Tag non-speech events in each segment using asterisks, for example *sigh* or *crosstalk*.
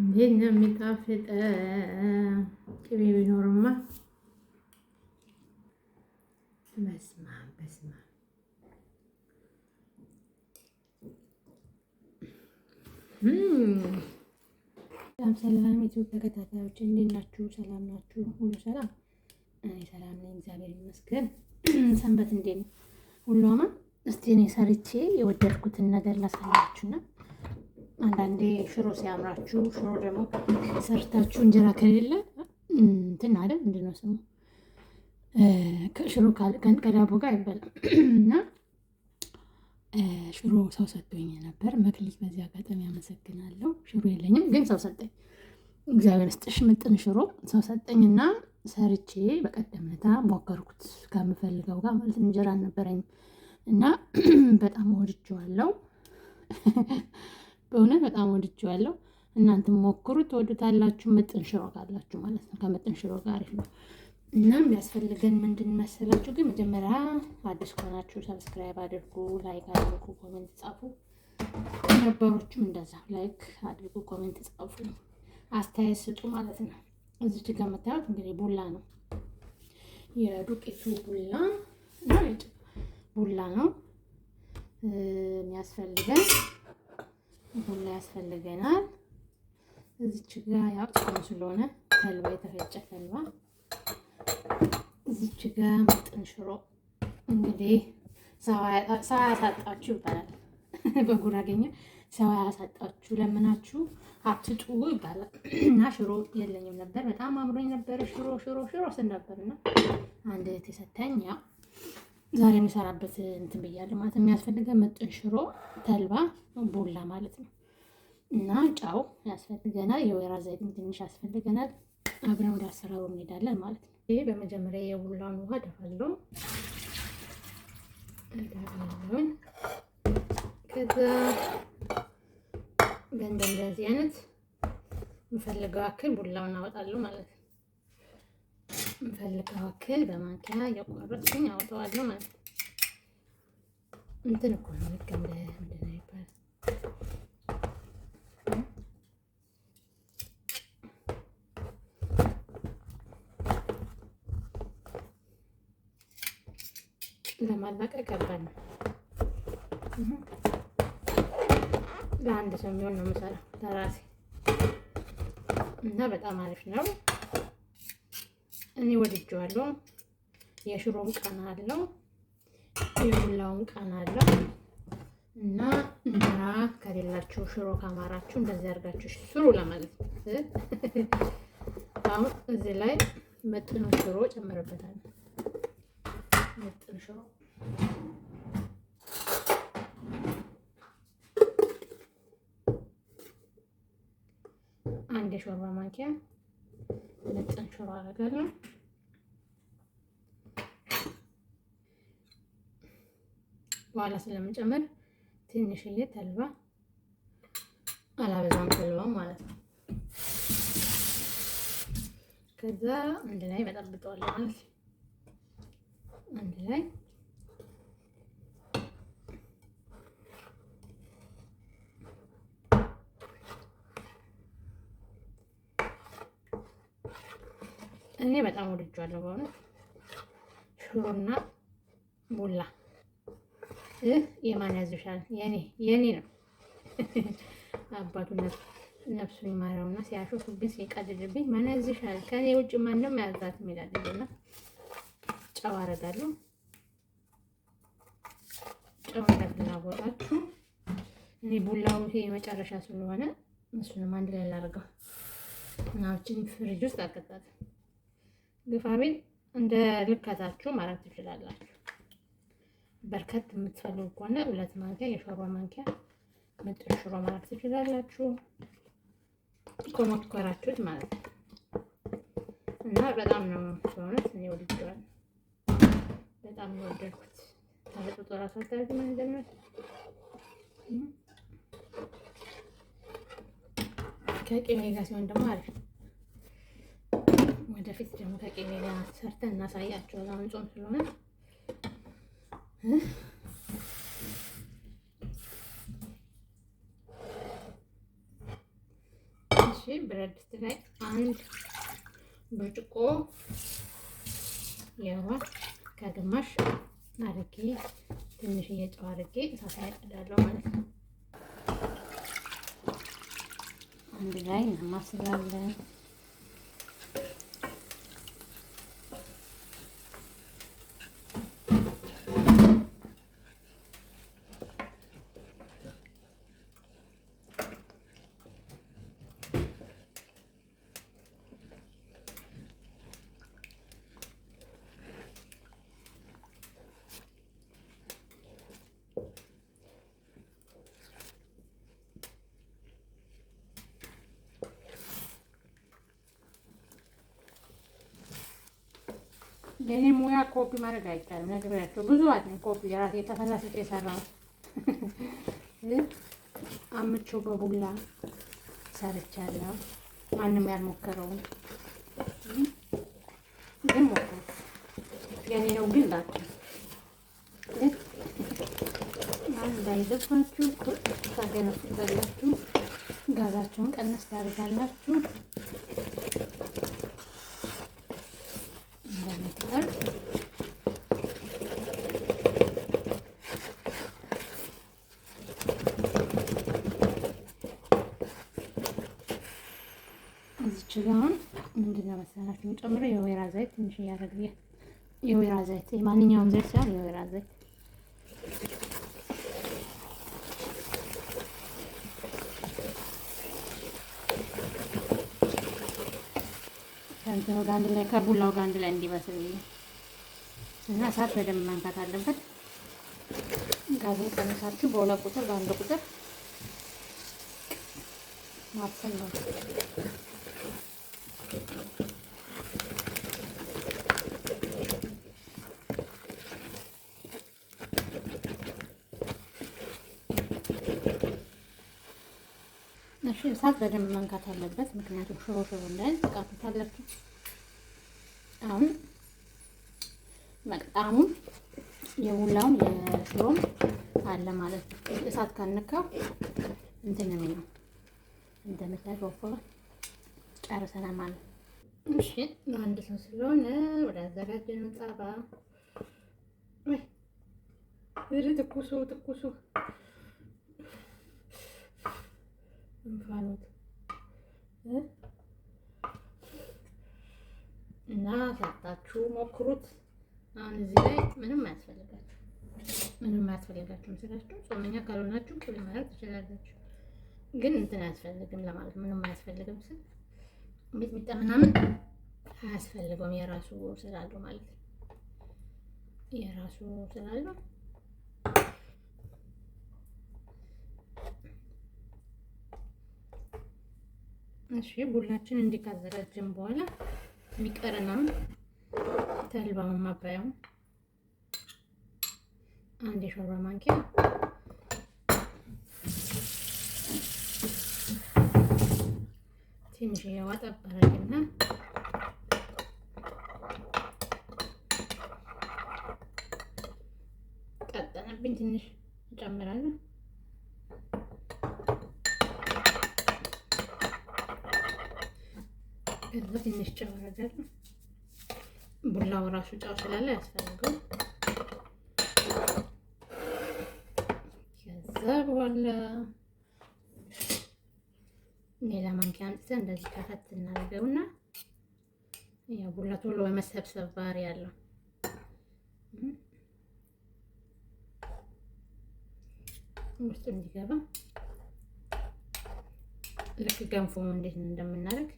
እንዴት ነው የሚጣፍጥ! ቅቤ ቢኖርማ በስመ አብ በስመ አብ። ሰላም ሰላም፣ የኢትዮጵያ ተከታታዮች እንዴት ናችሁ? ሰላም ናችሁ? ሁሉ ሰላም? እኔ ሰላም ነኝ፣ እግዚአብሔር ይመስገን። ሰንበት እንዴት ነው? ሁሉ አማን እስቲ እኔ ሰርቼ የወደድኩትን ነገር ላሳያችሁና አንዳንዴ ሽሮ ሲያምራችሁ፣ ሽሮ ደግሞ ሰርታችሁ እንጀራ ከሌለ እንትን አለ ምንድን ነው ስሙ ሽሮ ከዳቦ ጋር አይበላም እና ሽሮ ሰው ሰጥቶኝ ነበር። መክሊት በዚህ አጋጣሚ አመሰግናለሁ። ሽሮ የለኝም ግን ሰው ሰጠኝ። እግዚአብሔር ስጥሽ ምጥን ሽሮ ሰው ሰጠኝ እና ሰርቼ በቀደም ዕለት ሞከርኩት ከምፈልገው ጋር ማለት እንጀራ አልነበረኝም። እና *clears throat* በጣም ወድጀዋለሁ። *laughs* በእውነት በጣም ወድጀዋለሁ። እናንተም ሞክሩት፣ ትወዱታላችሁ። ምጥን ሽሮ ካላችሁ ማለት ነው። ከምጥን ሽሮ ጋር ነው። እና የሚያስፈልገን ምንድን መሰላችሁ? ግን መጀመሪያ አዲስ ከሆናችሁ ሰብስክራይብ አድርጉ፣ ላይክ አድርጉ፣ ኮሜንት ጻፉ። ነባሮቹም እንደዛ ላይክ አድርጉ፣ ኮሜንት ጻፉ፣ አስተያየት ስጡ ማለት ነው። እዚች ጋር የምታዩት እንግዲህ ቡላ ነው የዱቄቱ ቡላ ነው። ቡላ ነው የሚያስፈልገን፣ ቡላ ያስፈልገናል። እዚች ጋ ያው ጾም ስለሆነ ተልባ የተፈጨ ተልባ፣ እዚች ጋ ምጥን ሽሮ። እንግዲህ ሰው ያሳጣችሁ ይባላል *laughs* በጉራገኛ ሰው ያሳጣችሁ ለምናችሁ አትጡ ይባላል። *clears throat* እና ሽሮ የለኝም ነበር፣ በጣም አምሮኝ ነበር ሽሮ ሽሮ ሽሮ ስል ነበር እና አንድ እህት የሰጠኝ ያው ዛሬ የሚሰራበት እንትን ብያለሁ ማለት የሚያስፈልገ ምጥን ሽሮ፣ ተልባ፣ ቡላ ማለት ነው እና ጫው ያስፈልገናል። የወይራ ዘይት ትንሽ ያስፈልገናል። አብረን ወደ አሰራሩ እንሄዳለን ማለት ነው። ይሄ በመጀመሪያ የቡላውን ውሃ ደፋለሁ። ከዛ በእንደዚህ አይነት የምፈልገው አክል ቡላውን አወጣለሁ ማለት ነው። የምፈልገው አክል በማንኪያ እያቋረጥኩኝ አውጠዋለሁ ማለት ነው። እንትን እኮ ነው ልክ እንደ ምንድን ነው ይባላል ለማላቀቅ ከባድ ነው። ለአንድ ሰው የሚሆን ነው የምሰራው ለራሴ እና በጣም አሪፍ ነው። እኔ ወድጄዋለሁ። የሽሮም ቃና አለው፣ የቡላውም ቃና አለው እና እንጀራ ከሌላችሁ ሽሮ ካማራችሁ እንደዚህ አድርጋችሁ ስሩ ለማለት ነው። አሁን እዚህ ላይ መጥኖ ሽሮ ጨምርበታል። መጥኖ ሽሮ አንድ የሾርባ ማንኪያ መጥኖ ሽሮ አደርጋለሁ። በኋላ ስለምጨምር ትንሽዬ ተልባ አላበዛም፣ ተልባ ማለት ነው። ከዛ አንድ ላይ በጠብጠዋለሁ ማለት አንድ ላይ እኔ በጣም ወድጃለሁ። በአሁኑ ሽሮና ቡላ ይህ የማን ያዝሻል? የኔ የኔ ነው። *laughs* አባቱ ነፍሱን ይማረውና ሲያሾፍብኝ ሲቀልድብኝ ማን ያዝሻል? ከኔ ውጭ ማንም ያዛት የሚላል እና ጨው አደርጋለሁ። ጨው እንዳትናወጣችሁ። እኔ ቡላው ይሄ የመጨረሻ ስለሆነ እሱንም አንድ ላይ ላድርገው እና ፍሪጅ ውስጥ አልቀጣትም። ግፋሜን እንደ ልከታችሁ ማለት ትችላላችሁ። በርከት የምትፈልጉ ከሆነ ሁለት ማንኪያ የሾርባ ማንኪያ ምጥን ሽሮ ማለት ትችላላችሁ። ከሞከራችሁት ማለት ነው እና በጣም ነው በእውነት እኔ ወድጄዋለሁ። በጣም ነው ወደድኩት። ታለጥጦ ራሱ አታዩት ምን እንደምነት ከቅሜ ጋር ሲሆን ደግሞ አሪፍ ወደፊት ደግሞ ከቅቤ ጋር ሰርተን እናሳያቸዋለን። አሁን ጾም ስለሆነ እሺ፣ ብረት ድስት ላይ አንድ ብርጭቆ የውሃ ከግማሽ አድርጌ ትንሽ ጨው አድርጌ እሳት ላይ ማለት ነው። አንድ ላይ እናማስላለን። የኔ ሙያ ኮፒ ማድረግ አይቻልም። ነግሬያቸው ብዙ አለኝ ኮፒ የራሴ ተፈላስጭ የሰራው አምቼው በቡላ ሰርቻለሁ። ማንም ያልሞከረው ግን ሞከረ የኔ ነው ግን ላ እንዳይዘባችሁ ታገነፉታላችሁ። ጋዛችሁን ቀነስ ታደርጋላችሁ። እዚች ጋ አሁን ምንድን ነው መሰላችሁ የሚጨምረው የወይራ ዘይት ትንሽ እያደረግያ የወይራ ዘይት የማንኛውም ዘይት ሲሆን የወይራ ዘይት ከእንትኑ ጋር አንድ ላይ ከቡላው ጋር አንድ ላይ እንዲበስል እና እሳት በደንብ መንካት አለበት። ጋዙን ቀንሳችሁ በሁለት ቁጥር በአንድ ቁጥር ማብሰል ነው። እሺ እሳት በደንብ መንካት አለበት፣ ምክንያቱም ሽሮ ሽሮ እንዳይል ትቃቱታላችሁ። አሁን መቅጣሙን የቡላውን የሽሮም አለ ማለት ነው። እሳት ካነካው እንትን ነው እንደምታዩት ወፈረ ጨርሰናል ማለት ነው። እሺ አንድ ሰው ስለሆነ ወደ አዘጋጀን ጣባ ትኩሱ ትኩሱ እንፋሎት እና ሰርታችሁ ሞክሩት። አሁን እዚህ ላይ ምንም አያስፈልጋችሁ ምንም አያስፈልጋችሁ ስላችሁ ጾመኛ ካልሆናችሁ ቅቤ ማድረግ ትችላላችሁ። ግን እንትን አያስፈልግም ለማለት ምንም አያስፈልግም ስል ሚጥሚጣ ምናምን አያስፈልገውም የራሱ ስላለው ማለት የራሱ ስላለው እሺ ቡላችን እንዲካዘጋጅን በኋላ የሚቀረናም ተልባውን ማባያው አንድ የሾርባ ማንኪያ ትንሽ የዋ ጠባረግና ቀጠነብኝ ትንሽ እንጨምራለን። አለበት። ትንሽ ጨው ነገር ቡላው ራሱ ጨው ስላለ ያስፈልገው። ከዛ በኋላ ሌላ ማንኪያ አምጥተን እንደዚህ ከፈት እናደርገውና ያው ቡላ ቶሎ የመሰብሰብ ባህሪ ያለው ውስጡ እንዲገባ ልክ ገንፎ እንዴት እንደምናደርግ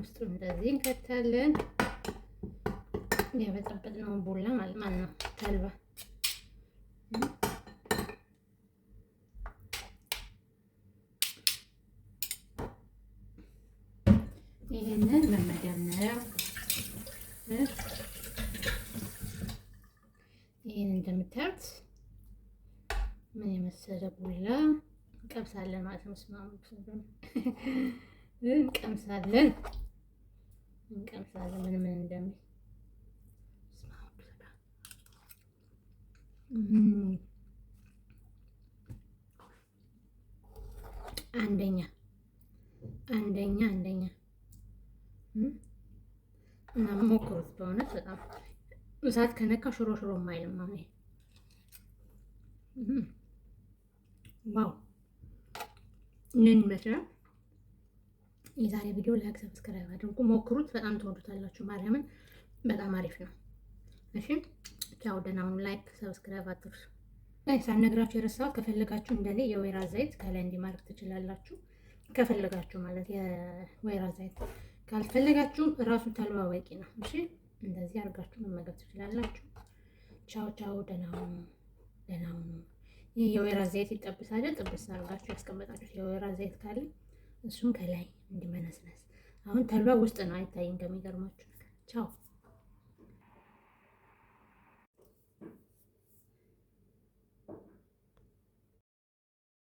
ውስጡ እንደዚህ እንከታለን። ነው ቡላ ማለት ማለት ነው ተልባ ይህንን በመጀመሪያ ይህን እንደምታዩት ምን የመሰለ ቡላ እንቀምሳለን ማለት ነው። ስማ እንቀምሳለን። እንቀምሳለን ምን ምን እንደሚል አንደኛ አንደኛ አንደኛ እና ሞክሩት። በእውነት በጣም እሳት ከነካ ሽሮ ሽሮ አይልም። አሁን ዋው ምን ይመስላል? የዛሬ ቪዲዮ ላይክ፣ ሰብስክራይብ አድርጉ፣ ሞክሩት። በጣም ተወዱታላችሁ። ማርያምን በጣም አሪፍ ነው። እሺ ቻው፣ ደህና ሁኑ። ላይክ ሰብስክራይብ አድርጉ። ሳነግራችሁ የረሳሁት ከፈለጋችሁ እንደኔ የወይራ ዘይት ከላይ እንዲማርክ ትችላላችሁ። ከፈለጋችሁ ማለት የወይራ ዘይት ካልፈለጋችሁ ራሱ ተልባ በቂ ነው። እሺ እንደዚህ አድርጋችሁ መመገብ ትችላላችሁ። ቻው ቻው፣ ደህና ሁኑ፣ ደህና ሁኑ። ይህ የወይራ ዘይት ይጠብሳል። ጥብስ አድርጋችሁ ያስቀመጣችሁ የወይራ ዘይት ካለ እሱም ከላይ እንዲመነስነስ። አሁን ተልባ ውስጥ ነው አይታይም። ከሚገርማችሁ ቻው